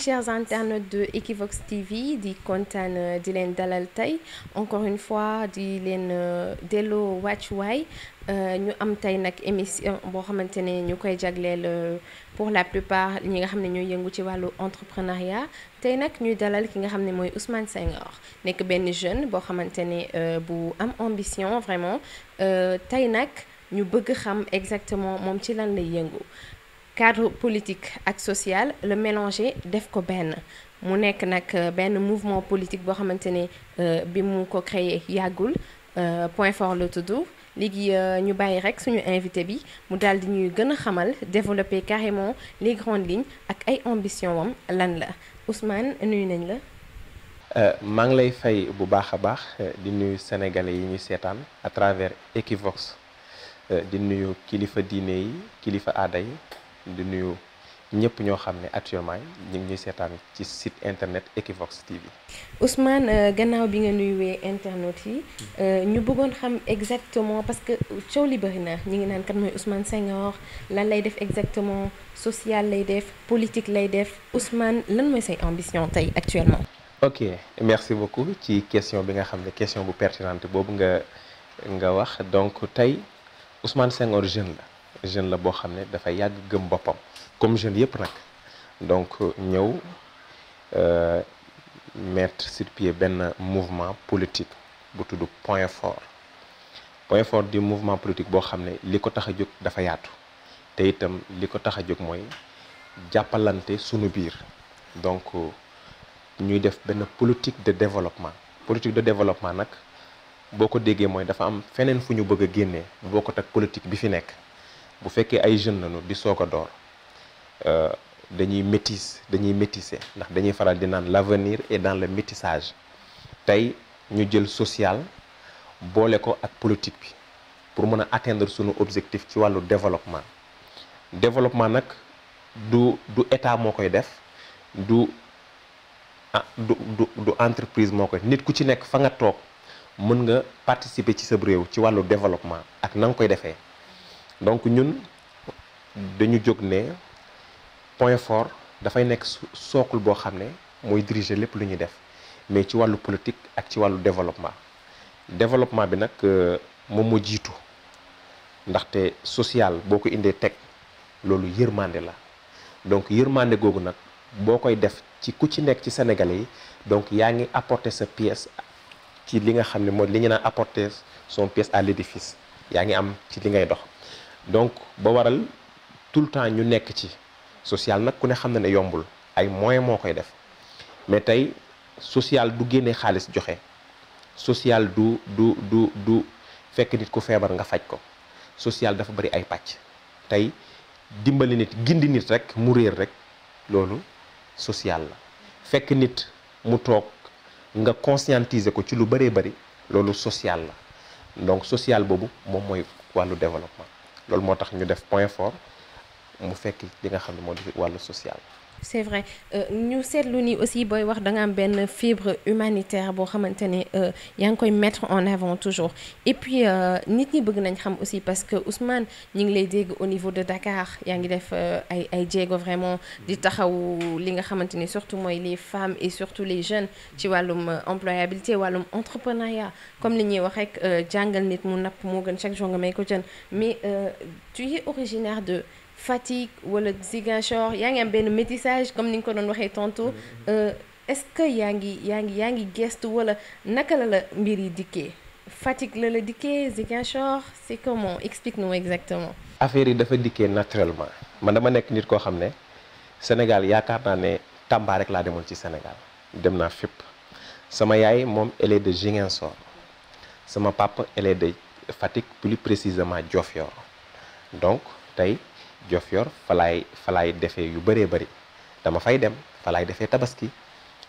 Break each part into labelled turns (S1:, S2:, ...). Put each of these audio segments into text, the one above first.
S1: chers internautes de Equivox TV di kontaan euh, di leen dalal tey encore une fois di leen euh, delloo wàccuwaay euh, ñu am tey nag émission boo xamante ne ñu koy jagleel pour la plupart ñi nga xam ne ñooy yëngu ci wàllu entrepreneuriat tey nag ñuy dalal ki nga xam ne mooy Ousmane Senghor nekk benn jeune boo xamante ne bu am ambition vraiment tey nag ñu bëgg xam exactement moom ci lan lay yëngu. cadre politique ak social le mélanger def ko benn mu nekk nag euh, benn mouvement politique boo xamante ne euh, bi mu ko créé yàggul euh, point fort la tudd léegi ñu bàyyi rek suñu invité bi mu daal di ñuy gën a xamal développer carrément les grandes lignes ak ay ambition am lan la Ousmane nuyu nañ la.
S2: maa ngi lay fay bu baax a baax di nuyu sénégalais yi ñu seetaan à travers Equivox di nuyu kilifa diine yi kilifa aada yi. di nuyu ñëpp ñoo xam ne actuellement ñu ngi ñuy ci site internet Equivox TV.
S1: Ousmane euh, bi nga nuyuwee internet yi euh, ñu bëggoon xam exactement parce que coow li bëri na ñu ngi naan kat mooy Ousmane Senghor lan lay def exactement social lay def politique lay def Ousmane lan mooy say ambition tey actuellement.
S2: ok merci beaucoup ci question bi nga xam ne question bu pertinente boobu nga nga wax donc tey Ousmane Senghor jeune la. jeune la boo xam ne dafa yàgg gëm boppam comme jeune yëpp nag donc euh, ñëw euh, mettre sur pied benn mouvement politique bu tudd point fort point fort du mouvement politique boo xam ne li ko tax a jóg dafa yaatu te itam li ko tax a jóg mooy jàppalante sunu biir donc euh, ñuy def benn politique de développement politique de développement nag boo ko déggee mooy dafa am feneen fu ñu bëgg a génnee boo ko teg politique bi fi nekk bu fekkee ay jeunes lañu di soog a door euh, dañuy métise dañuy métissé ndax dañuy faral di naan l'avenir et dans le métisage tey ñu jël social boole ko ak politique bi pour mën a atteindre sunu objectif ci wàllu développement développement nag du du état moo koy def du ah, du du du entreprise moo koy nit ku ci nekk fa nga toog mën nga participer ci sa réew ci wàllu développement ak na nga koy defee donc ñun hmm. dañu jóg ne point fort dafay nekk socle boo xam ne mooy diriger lépp lu ñuy def mais ci wàllu politique ak ci wàllu développement développement bi nag euh, moom moo jiitu ndaxte sociale boo ko indee teg loolu yërmande la donc yërmande googu nag boo koy def ci ku ci nekk ci Sénégalais yi donc yaa ngi apporter sa pièce ci li nga xam ne mooy li ñu naan apporter son pièce à l'édifice yaa ngi am ci li ngay dox donc ba waral tout le temps ñu nekk ci social nag ku ne xam na ne yombul ay moyens moo koy def mais tey sociale du génne xaalis joxe sociale du du du du fekk nit ku feebar nga faj ko sociale dafa bari ay pàcc tey dimbali nit gindi nit rek mu réer rek loolu sociale la fekk nit mu toog nga conscientiser ko ci lu bëree bëri loolu social la donc social boobu moom mooy wàllu développement loolu moo tax ñu def point fort mu fekk li nga xam ne moo di wàllu social
S1: c'est vrai euh, ñu seetlu nii aussi booy wax da nga am benn fibre humanitaire boo xamante ne euh, yaa ngi koy mettre en avant toujours et puis euh, nit ñi bëgg nañ xam aussi parce que Ousmane ñi ngi lay dégg au niveau de Dakar yaa ngi def ay ay jéego vraiment di taxaw li nga xamante ni surtout mooy les femmes et surtout les jeunes ci wàllum employabilité wàllum entrepreneuriat comme li ñuy wax rek jàngal nit mu napp moo gën chaque jour nga may ko jën mais tu es Fatick wala Ziguinchor yaa ngi am benn métissage comme ni nga ko doon waxee tantôt mm-hmm. euh, est-ce que yaa ngi yaa ngi yaa ngi gestu wala naka la la mbir yi dikkee Fatick la la dikkee Ziguinchor c'est comment explique-nous exactement.
S2: affaire yi dafa dikkee naturellement man dama nekk nit koo xam ne Sénégal yaakaar naa ne Tamba rek laa demoon ci Sénégal dem naa fépp sama yaay moom elle est de Ziguinchor sama papa elle de Fatick plus précisément Diofior donc tey. Diofior falaay falaay defee yu bëree bëri dama fay dem falaay defee tabaski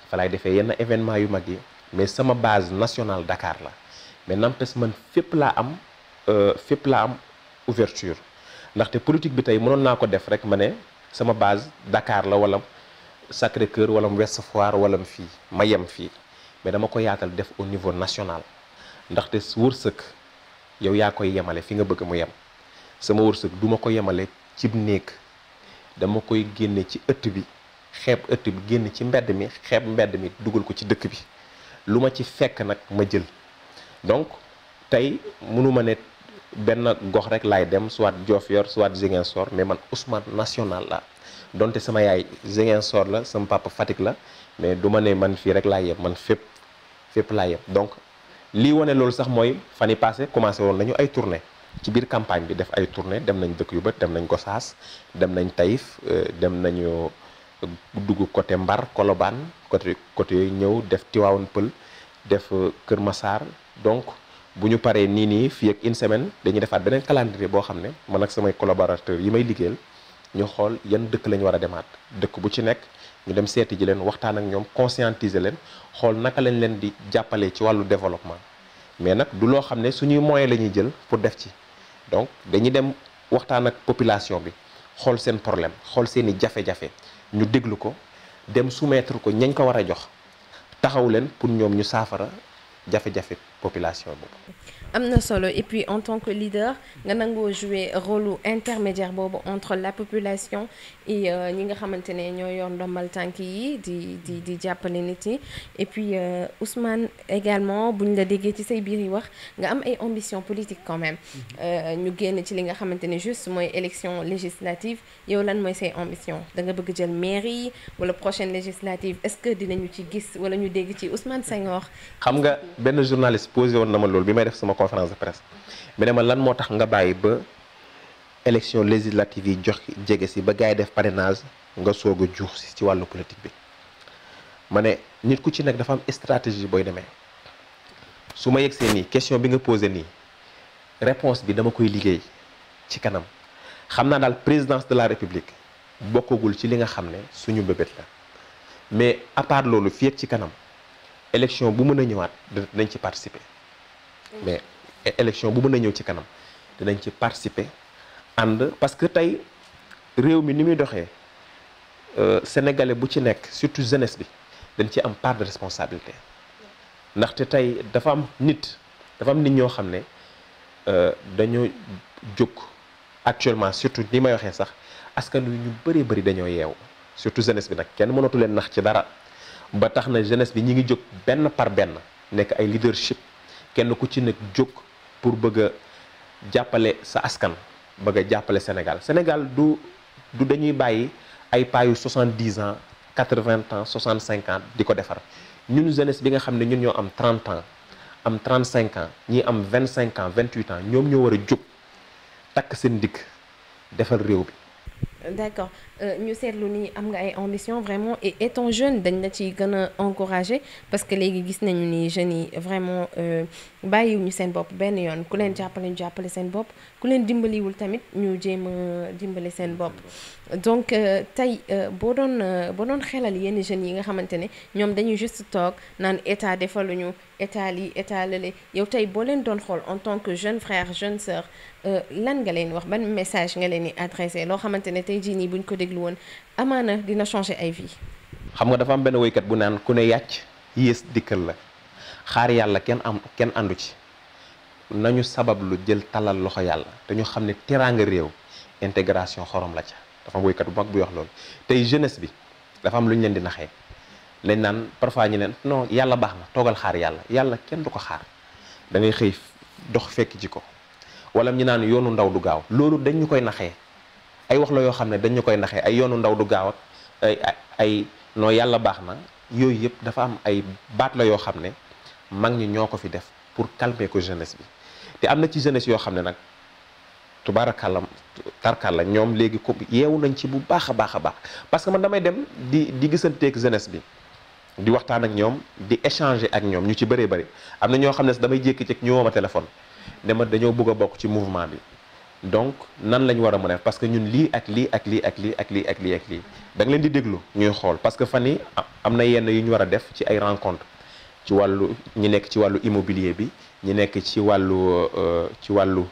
S2: falaay defee yenn événement yu mag yi mais sama base national dakaar la mais n'empêche man fépp laa am euh, fépp laa am ouverture ndaxte politique bi tey mënoon naa ko def rek ma ne sama base dakaar la wala Sacré Cœur wala Ouest Foire wala fii ma yem fii mais dama ko yaatal def au niveau national ndaxte wërsëg yow yaa koy yemale fi nga bëgg mu yem sama wërsëg du ma ko yemale cib néeg dama koy génne ci ëtt bi xeeb ëtt bi génn ci mbedd mi xeeb mbedd mi dugal ko ci dëkk bi lu ma ci fekk nag ma jël donc tey mënuma ne benn gox rek laay dem soit Diofior soit Ziguinchor mais man Ousmane national la donte sama yaay Ziguinchor la sama papa Fatick la mais du ma ne man fii rek laa yem man fépp fépp laa yem donc lii wane loolu sax mooy fani yi passé commencé woon nañu ay tournée ci biir campagne bi def ay tournée dem nañ dëkk yu bët dem nañ Gosaas dem nañ Taïf euh, dem nañu euh, dugg côté Mbar Colobane côté côté yooyu ñëw def Tiwaawan Pël def euh, Kër Massar donc bu ñu paree nii nii fii ak une semaine dañuy defaat beneen calendrier boo xam ne man ak samay collaborateurs yi may liggéeyal ñu xool yan dëkk lañu ñu war a demaat dëkk bu ci nekk ñu dem seeti ji leen waxtaan ak ñoom conscientiser leen xool naka lañ leen di jàppalee ci wàllu développement mais nag loo xam ne suñuy moyens la ñuy jël pour def ci donc dañuy dem waxtaan ak population bi xool seen problème xool seen i jafe-jafe ñu déglu ko dem soumettre ko ñañ ko war a jox taxaw leen pour ñoom ñu saafara jafe-jafe population boobu.
S1: am na solo et puis en tant que leader nga nangoo jouer rôle intermédiaire boobu entre la population et euh, ñi nga xamante ne ñoo yor ndombal tànk yi di di di jàppale nit yi et puis euh, Ousmane bu buñ la déggee ci say biir yi wax nga am ay ambition politique quand même mm-hmm. euh, ñu génn ci li nga xamante ne juste mooy élection législative yow lan mooy say ambition da nga bëgg jël mairie wala prochaine législative est-ce que dinañu ci gis wala ñu dégg ci Ousmane Senghor
S2: xam nga benn journaliste posé conférence de presse mi ne ma lan moo tax nga bàyyi ba élection législative yi jox jege si ba gaay yi def parrainage nga soog a juux si ci wàllu politique bi ma ne nit ku ci nekk dafa am stratégie booy demee su ma yegsee nii question bi nga posé nii réponse bi dama koy liggéey ci kanam xam naa daal présidence de la république bokkagul ci li nga xam ne suñu bébét la mais à loolu fi yëpp ci kanam élection bu mën a ñëwaat dinañ ci participer mais élection bu mën a ñëw ci kanam dinañ ci participer ànd parce que tey réew mi ni muy doxee euh, sénégalais bu ci nekk surtout jeunesse bi dañ ci am part de responsabilité ndaxte tey dafa am nit dafa am nit ñoo xam ne euh, dañoo jóg actuellement surtout ni may waxee sax askan wi ñu bëree bari dañoo yeewu surtout jeunesse bi nag kenn mënatu leen nax ci dara ba tax na jeunesse bi ñi ngi jóg benn par benn nekk ay leadership kenn ku ci nekk jóg pour bëgg jàppale sa askan bëgg a jàppale Sénégal Sénégal du du dañuy bàyyi ay paayu 70 ans 80 ans 65 cinquante di ko defar ñun jeunesse bi nga xam ne ñun ñoo am 30 ans am 35 ans ñi am 25 vingt 28 ans ñoom ñoo war a jóg takk seen dikk defal réew bi
S1: Euh, ñu seetlu ni am nga ay ambition vraiment et étant jeune dañ la ci gën a encouragé parce que léegi gis nañu ni jeunes yi vraiment euh, bàyyiwuñu seen bopp benn yoon ku leen jàppale ñu jàppale seen bopp ku leen dimbaliwul tamit ñu jéem a dimbali seen bopp donc euh, tey boo doon boo doon xelal yenn jeunes yi nga xamante ne ñoom dañuy juste toog naan état ñu état lii état lële yow tey boo leen doon xool en tant que jeune frère jeune sœur lan nga leen wax ban message nga leen di adressé loo xamante ne tey jii déglu woon amaana dina changer ay vie
S2: xam nga dafa am benn woykat bu naan ku ne yàcc yées dikkal la xaar yàlla kenn am kenn àndu ci nañu sabab lu jël talal loxo yàlla te ñu xam ne teraanga réew intégration xorom la ca dafa am woykat bu mag bu yox loolu tey jeunesse bi dafa am lu ñu leen di naxee lañ naan parfois ñu leen non yàlla baax na toogal xaar yàlla yàlla kenn du ko xaar da xëy dox fekk ji ko wala ñu naan yoonu ndaw du gaaw loolu dañ ñu koy naxee ay wax la yoo xam ne dañu koy naxee ay yoonu ndaw du gaaw ay ay noo yàlla baax na yooyu yëpp dafa am ay baat la yoo xam ne mag ñi ñoo ko fi def pour calmer ko jeunesse bi te am na ci jeunesse yoo xam ne nag tubaarakàlla tarkàlla ñoom léegi ko yeewu nañ ci bu baax a baax a baax parce que man damay dem di di gisanteeg jeunesse bi di waxtaan ak ñoom di échanger ak ñoom ñu ci bëree bëri am na ñoo xam ne damay jékki-jékki ñu woo ma téléphone ne dañoo bëgg a bokk ci mouvement bi donc nan lañ war a mën a parce que ñun lii ak lii ak lii ak lii ak lii ak lii ak da nga leen di déglu ñuy xool parce que fan yi am na yenn yu ñu war a def ci ay rencontre ci wàllu ñi nekk ci wàllu immobilier bi ñi nekk ci wàllu euh, ci wàllu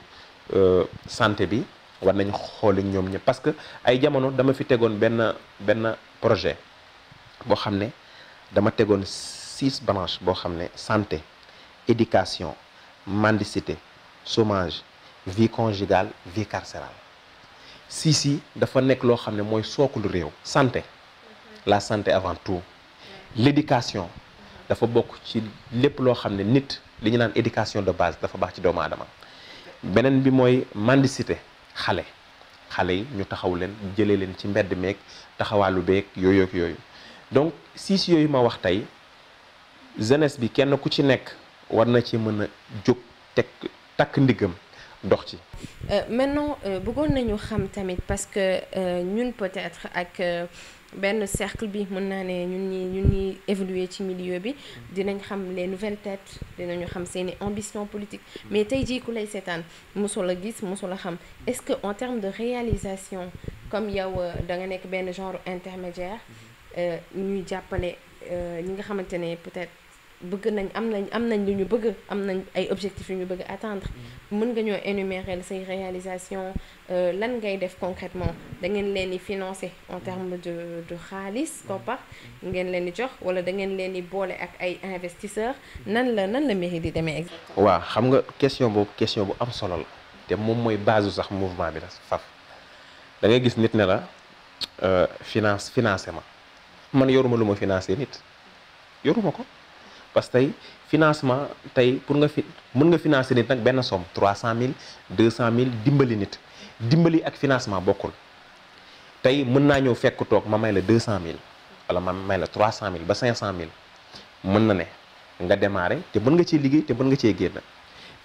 S2: euh, santé bi war nañ xool ñoom ñi parce que ay jamono dama fi tegoon benn benn projet boo xam ne dama tegoon six branches boo xam ne santé éducation mandicité chômage vie conjugale vie carcérale si si dafa nekk loo xam ne mooy sookul réew santé la santé avant tout l'éducation dafa bokk ci lépp loo xam ne nit li ñu naan éducation de base dafa baax ci doomu adama beneen bi mooy mendicité xale xale yi ñu taxaw leen jëlee leen ci mbedd meeg taxawaalu beeg yooyu yooyu donc siis yooyu ma wax tey zenes bi kenn ku ci nekk war na ci mën a jóg teg takk ndiggam dox ci.
S1: Euh, maintenant euh, bëggoon nañu xam tamit parce que euh, ñun peut-être ak benn cercle bi mën naa ne ñun ñi ñun ñu évoluer ci milieu bi dinañ xam les nouvelles têtes dinañu xam seeni ambition politique mais tey jii ku lay seetaan mosul a gis mosul a xam est-ce que en termes de réalisation comme yow da nga nekk benn genre intermédiaire mhm. ñuy jàppale ñi nga xamante ne peut-être. bëgg nañ am nañ am nañ lu ñu bëgg am nañ ay objectifs yu ñu bëgg atteindre mm-hmm. mën nga ñoo énumérer say réalisation euh, lan ngay def concrètement da ngeen leen di financer en mm-hmm. terme de de xaalis koppar mm-hmm. ngeen leen di jox wala da ngeen leen di boole ak ay investisseurs nan la nan la mairie di demee
S2: waa xam nga question boobu question bu am solo la te moom mooy base sax mouvement bi la faf da ngay gis nit ne la euh, finance financé ma man yoruma lu ma financé nit yoruma ko parce que tey financement tey pour nga fi mën nga financer nit nag benn somme cent mille dimbali nit dimbali ak financement bokkul tey mën naa ñëw fekk toog ma may la deux 200000 wala ma may la cent mille ba cinq 500000 mën na ne nga démarrer te mën nga cee liggéey te mën nga cee génna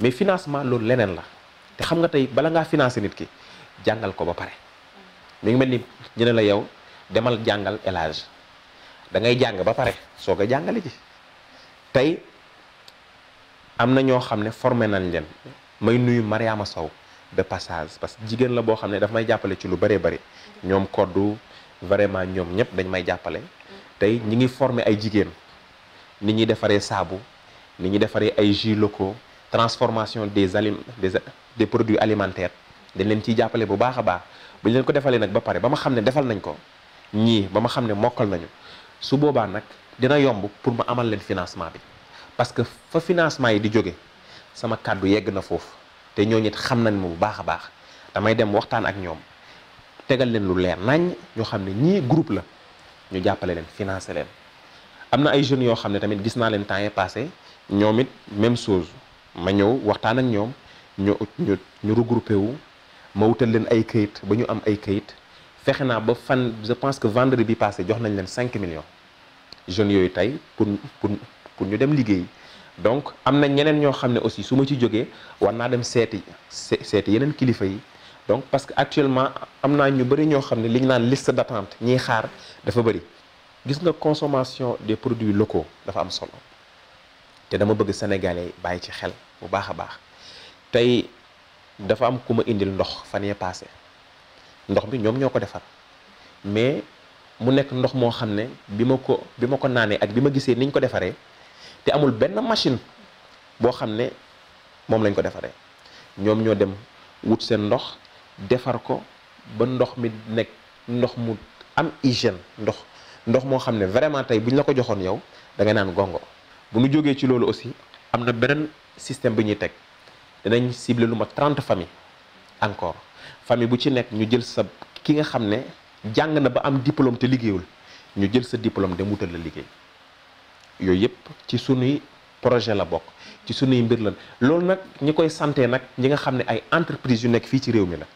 S2: mais financement loolu leneen la te xam nga tey bala ngaa financer nit ki jàngal ko ba pare mu ngi mel ni ñu ne la yow demal jàngal élage da ngay jàng ba pare soo ko jàngale ji. tey am na ñoo xam ne formé nañ leen may nuyu Mariama Sow de passage parce que jigéen la boo xam ne daf may jàppale ci lu bëree bëri ñoom koddu vraiment ñoom ñëpp dañ may jàppale tey ñi ngi formé ay jigéen ni ñuy defaree saabu ni ñuy defaree ay jus locaux transformation des alim des des produits alimentaires dañ leen ciy jàppale bu baax a baax bu ñu leen ko defalee nag ba pare ba ma xam ne defal nañ ko ñii ba ma xam ne mokkal nañu su boobaa nag dina yomb pour ma amal leen financement bi parce que fa financement yi di jóge sama kàddu yegg na foofu te ñooñu it xam nañ ma bu baax a baax damay dem waxtaan ak ñoom tegal leen lu leer nañ ñoo xam ne ñii groupe la ñu jàppale leen financé leen am na ay jeunes yoo xam ne tamit gis naa leen temps yi passé ñoom it même sos ma ñëw waxtaan ak ñoom ñu ñu ñu regroupé wu ma wutal leen ay kayit ba ñu am ay kayit fexe naa ba fan je pense que vendredi bi passé jox na leen 5 jeunes yooyu tey pour pour pour ñu dem liggéey donc am na ñeneen ñoo xam ne aussi su ma ci jógee war naa dem seeti seeti yeneen kilifa yi donc parce que actuellement am naa ñu bëri ñoo xam ne li ñu naan liste d'attente ñiy xaar dafa bëri gis nga consommation des produits locaux dafa am solo te dama bëgg sénégalais bàyyi ci xel bu baax a baax tey dafa am ku ma indil ndox fan yee paase ndox bi ñoom ñoo ko defar mu nekk ndox moo xam ne bi ma ko bi ma ko naanee ak bi ma gisee niñ ko defaree te amul benn machine boo xam ne moom lañ ko defaree ñoom ñoo dem wut seen ndox defar ko ba ndox mi nekk ndox mu am hygiène ndox ndox moo xam ne vraiment tey bu la ko joxoon yow da nga naan gongo bu ñu jógee ci loolu aussi am na beneen système bi ñuy teg danañ ciblé lu ma 30 famille encore famille bu ci nekk ñu jël sa ki nga xam ne jàng na ba am diplôme te liggéeyul ñu jël sa diplôme dem wutal la liggéey yooyu yëpp ci sunuy projet la bokk ci sunuy mbir la loolu nag ñi koy sante nag ñi nga xam ne ay entreprise yu nekk fii ci réew mi la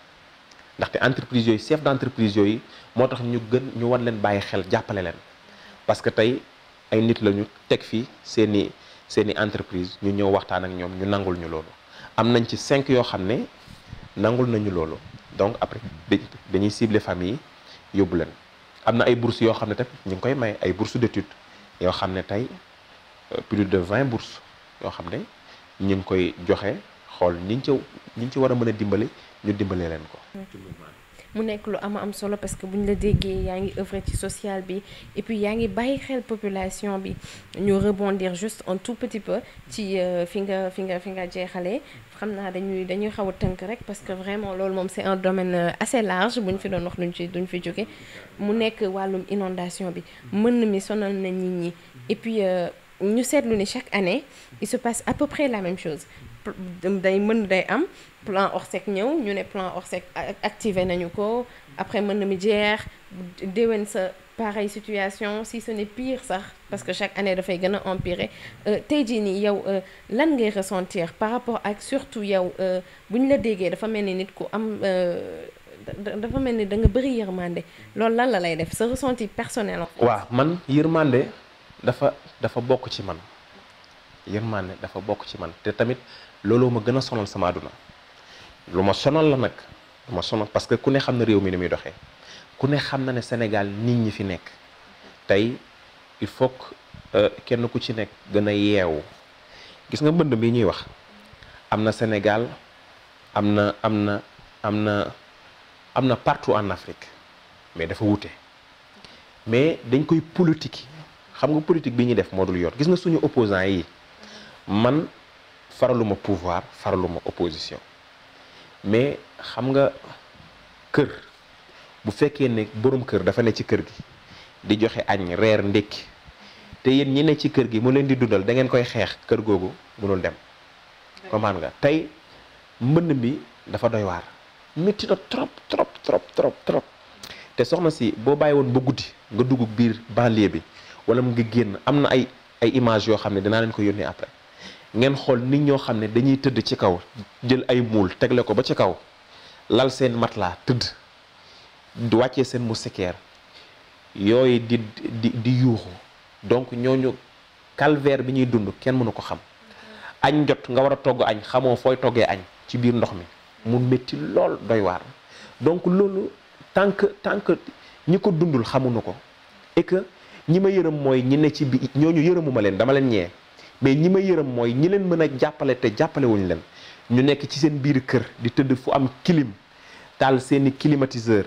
S2: ndaxte entreprise yooyu chef d'entreprise yooyu moo tax ñu gën ñu war leen bàyyi xel jàppale leen parce que tey ay nit la ñu teg fii seeni seeni entreprise ñu ñëw waxtaan ak ñoom ñu nangul ñu loolu am nañ ci cinq yoo xam ne nangul nañu loolu donc après dañuy cibler famille yóbbu leen am na ay bourses yoo xam ne tamit ñu ngi koy may ay de d'études yoo xam ne tey euh, plus de vingt bourses yoo xam ne ñu ngi koy joxe xool ñi ñu ci ñi ñu war a mën a dimbali ñu dimbale leen ko.
S1: mu nekk lu am am solo parce que bu ñu la déggee yaa ngi œuvre ci social bi et puis yaa ngi bàyyi xel population bi ñu rebondir juste un tout petit peu ci euh, fi nga fi nga fi nga jeexalee xam naa dañuy dañuy xaw a tënk rek parce que vraiment loolu moom c'est un domaine euh, assez large bu ñu fi doon wax duñ ci duñ fi jóge mu nekk wàllum inondation bi mën mi sonal na nit ñi et puis euh, ñu seetlu ni chaque année il se passe à près la même chose day mën day am plan orsec ñëw ñu ne plan orsec activer nañu ko après mën na mi jeex déwén sa pareille situation si ce n'est pire sax parce que chaque année dafay gën a empirer euh, tey jii nii yow euh, lan ngay ressentir par rapport ak surtout yow euh, bu ñu la déggee dafa mel ni nit ku am dafa mel ni da nga bëri yërmande loolu lan la lay def sa ressenti personnel.
S2: waaw man yërmande dafa dafa bokk ci man. ne dafa bokk ci man te tamit looloo ma gën a sonal sama àdduna lu ma sonal la nag lu ma sonal parce que ku ne xam na réew mi ni muy doxe ku ne xam na ne senegal nit ñi fi nekk tey il faut que euh, kenn ku ci nekk gën a yeewu gis nga mbënd bi ñuy wax am na Sénégal am na am na am na am na partout en Afrique mais dafa wute mais dañ koy politique xam nga politique bi ñuy def moo dul yoon gis nga suñu opposant yi man faraluma pouvoir faraluma opposition mais xam nga kër bu fekkee ne boroom kër dafa ne ci kër gi di joxe añ reer ndékki te yéen ñi ne ci kër gi mu leen di dundal da ngeen koy xeex kër googu mënul dem comprendre nga tey mbënn bi dafa doy waar métti na trop trop trop trop trop te soxna si boo bàyyi woon ba guddi nga dugg biir banlieue bi wala mu ngi génn am na ay ay image yoo xam ne dinaa leen ko yónnee après ngeen xool nit ñoo xam ne dañuy tëdd ci kaw jël ay muul tegle ko ba ci kaw lal seen matelas tëdd wàccee seen moustiquaire yooyu di di di yuuxu donc ñoo ñooñu calvaire bi ñuy dund kenn mënu ko xam añ jot nga war a togg añ xamoo fooy toggee añ ci biir ndox mi mu métti lool doy waar donc loolu tànk tànk ñi ko dundul xamuñu ko et ñi ma yërëm mooy ñi ne ci bi ñooñu yërëmuma leen dama leen ñee mais ñi ma yërëm mooy ñi leen mën a jàppale te jàppale leen ñu nekk ci seen biir kër di tëdd fu am clim taal seeni climatiseur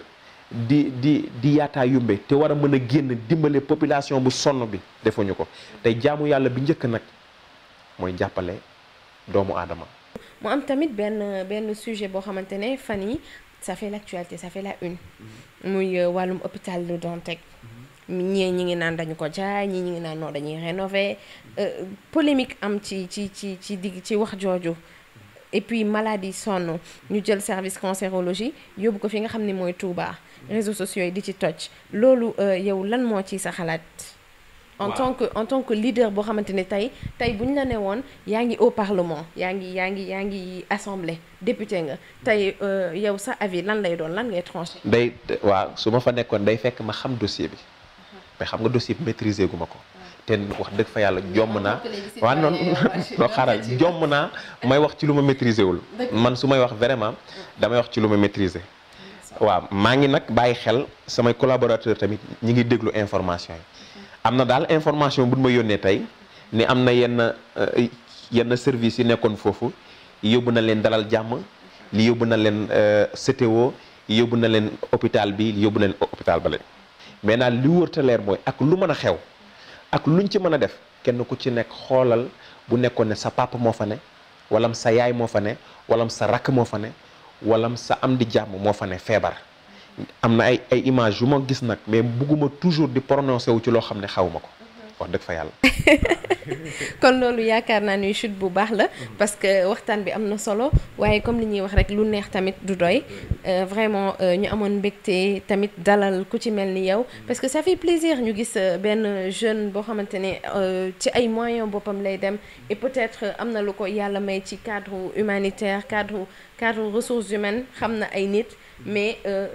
S2: di di di yaataa yumbe te war a mën a génn dimbale population bu sonn bi defuñu ko te jaamu yàlla bi njëkk nag mooy jàppale doomu aadama
S1: mu am tamit benn benn sujet boo xamante ne fan yi ça fait l'actualité ça fait la une mm-hmm. muy euh, wàllum hôpital Le Dantec mm-hmm. ñii ñi ngi naan dañu ko jaay ñii ñi ngi naan non dañuy rénover euh, polémique am ci ci ci ci digg ci wax jooju et puis maladie sonn ñu jël service cancérologie yóbbu ko fi nga xam ni mooy Touba réseaux sociaux yi di ci toj loolu euh, yow lan moo ciy sa xalaat en tant que en tant que leader boo xamante ni tey tey bu ñu la ne woon yaa ngi au parlement yaa ngi yaa ngi yaa ngi assemblée député nga tey euh, yow sa avis lan lay doon lan ngay tranché
S2: day waaw su ma fa nekkoon day fekk ma xam dossier bi xam nga dossier bi maîtriser gu ma ko. te wax dëgg fa yàlla jomm naa. waaw noonu non xaaral jomm naa may wax ci lu ma maîtriser wul. man su may wax vraiment damay wax ci lu ma maîtriser. waaw maa ngi nag bàyyi xel samay collaborateur tamit ñi ngi déglu information yi. am na daal information bu ma yónnee tey ni am na yenn euh, yenn service yi nekkoon foofu yóbbu na leen dalal jàmm li yóbbu na leen euh, CTO yóbbu na leen hôpital bi yóbbu na leen hôpital bale mais naan li wërta leer mooy ak lu mën a xew ak lu luñ ci mën a def kenn ku ci nekk xoolal bu nekkoon ne sa papa moo fa ne walam sa yaay moo fa ne walam sa rakk moo fa ne walam sa am di jàmm moo fa ne feebar am na ay ay image yu ma gis nag mais bugguma toujours di prononcé wu ci loo xam ne xaw ma ko wax dëgg fa yàlla.
S1: kon loolu yaakaar naa ni chute bu baax la. Mm-hmm. parce que waxtaan bi am na solo waaye comme li ñuy wax rek lu neex tamit du doy. Euh, vraiment euh, ñu amoon mbégte tamit dalal ku ci mel ni yow. Mm-hmm. parce que ça fait plaisir ñu gis euh, benn jeune boo xamante ne ci ay moyen boppam lay dem. et peut-être am na lu ko yàlla may ci cadre humanitaire cadre cadre ressources humaines xam na ay nit. mais euh,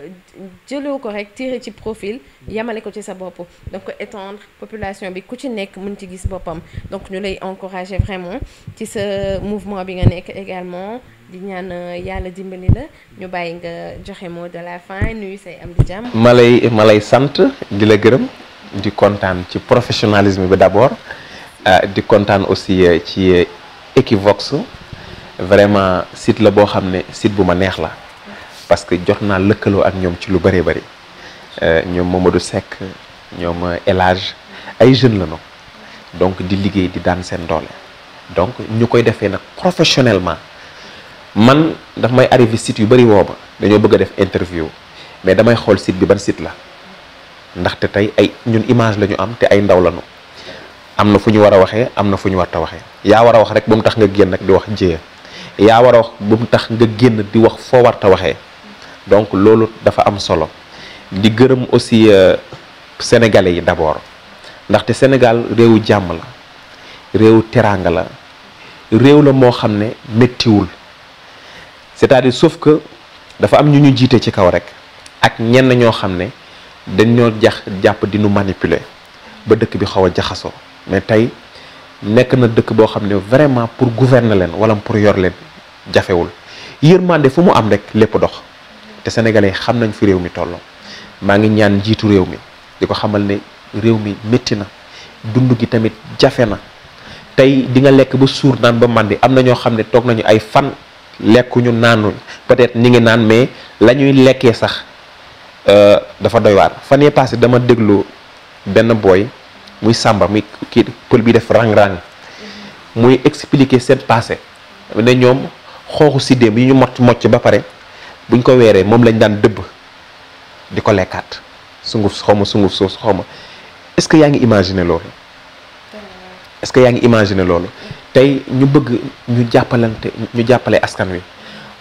S1: jëloo ko rek tiré ci profil yamale ko ci sa bopp ko étendre population bi ku ci nekk mën ci gis boppam donc ñu lay encourager vraiment ci sa mouvement bi nga nekk également di ñaan euh, yàlla dimbali la ñu bàyyi nga joxe mot de la fin nuyu say am di jàmm. ma
S2: lay ma sant di la gërëm di kontaan ci professionnalisme bi d'abord euh, di kontaan aussi ci Equivox vraiment site la boo xam ne site bu ma neex la. parce que jot naa lëkkaloo ak ñoom ci lu bëree bëri euh, ñoom Mamadou Seck ñoom El Hadj ay jeunes la ñu donc di liggéey di daan seen doole donc ñu koy defee nag professionnellement man daf may arrivé site yu bëri wooba dañoo bëgg a def interview mais damay xool site bi ban site la ndaxte tey ay ñun image la ñu am te ay ndaw la ñu am na fu ñu war a waxee am na fu ñu war waxee yaa war a wax rek ba mu tax nga génn nag di wax jéeya yaa war a wax ba mu tax nga génn di wax foo war ta waxee donc loolu dafa am solo di gërëm aussi euh, sénégalais yi d'abord ndaxte Sénégal réewu jàmm la réewu teraanga la réew la moo xam ne méttiwul c'est-à-dire sauf que dafa am ñu ñu jiite ci kaw rek ak ñenn ñoo xam ne dañ ñoo jax jàpp dinu nu manipuler ba dëkk bi xaw a jaxasoo mais tey nekk na dëkk boo xam ne vraiment pour gouverner leen wala pour yor leen jafewul yërmande fu mu am rek lépp dox. te sénégalais xam nañ fi réew mi tolloo maa ngi ñaan njiitu réew mi di ko xamal ne réew mi métti na dund gi tamit jafe na tey di nga lekk ba suur naan ba màndi am na ñoo xam ne toog nañu ay fan lekkuñu naanuñ peut-être ñi ngi naan mais lañuy lekkee sax euh, dafa doy waar fan yee passé dama déglu benn booy muy sàmba muy kii pël bi def rang-rang muy expliquer seen passé ne ñoom xooxu siddéem yi ñu mot mocc ba pare buñ ko weeree moom lañ daan dëbb di ko lekkaat sunguf xaw ma sunguf soosu xaw ma est-ce que yaa ngi imaginer loolu est que yaa ngi imaginer loolu tey ñu bëgg ñu jàppalante ñu jàppale askan wi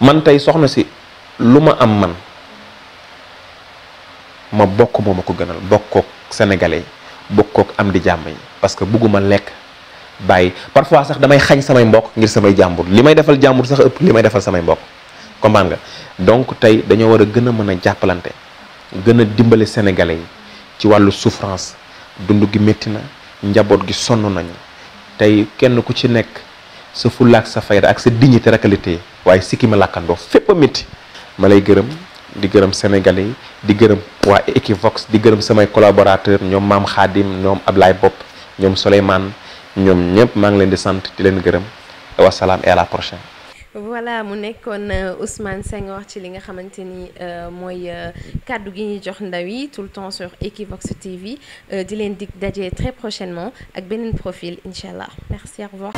S2: man tey soxna si lu ma am man ma bokk moo ma ko gënal bokkook sénégalais yi bokkook am di jàmm yi parce que bugguma lekk bàyyi parfois sax damay xañ samay mbokk ngir samay jàmbur li may defal jàmbur sax ëpp li may defal samay mbokk comprendre nga donc tey dañoo war a gën a mën a jàppalante gën a dimbale sénégalais yi ci wàllu souffrance dund gi métti na njaboot gi sonn nañu tey kenn ku ci nekk sa fullaak sa fayda ak sa dignité rek la téye waaye sikki ma làkkandoo fépp a métti ma lay gërëm di gërëm sénégalais yi di gërëm waa Equivox di gërëm samay collaborateur ñoom maam Khadim ñoom Ablaye Bopp ñoom Souleymane ñoom ñëpp maa ngi leen di sant di leen gërëm wasalaam et à la prochaine
S1: voilà mu nekkoon euh, Ousmane wax ci li nga xamante ni euh, mooy euh, kàddu gi ñuy jox ndaw yi tout le temps sur Equivox TV di leen dig daje très prochainement ak beneen profil incha allah merci au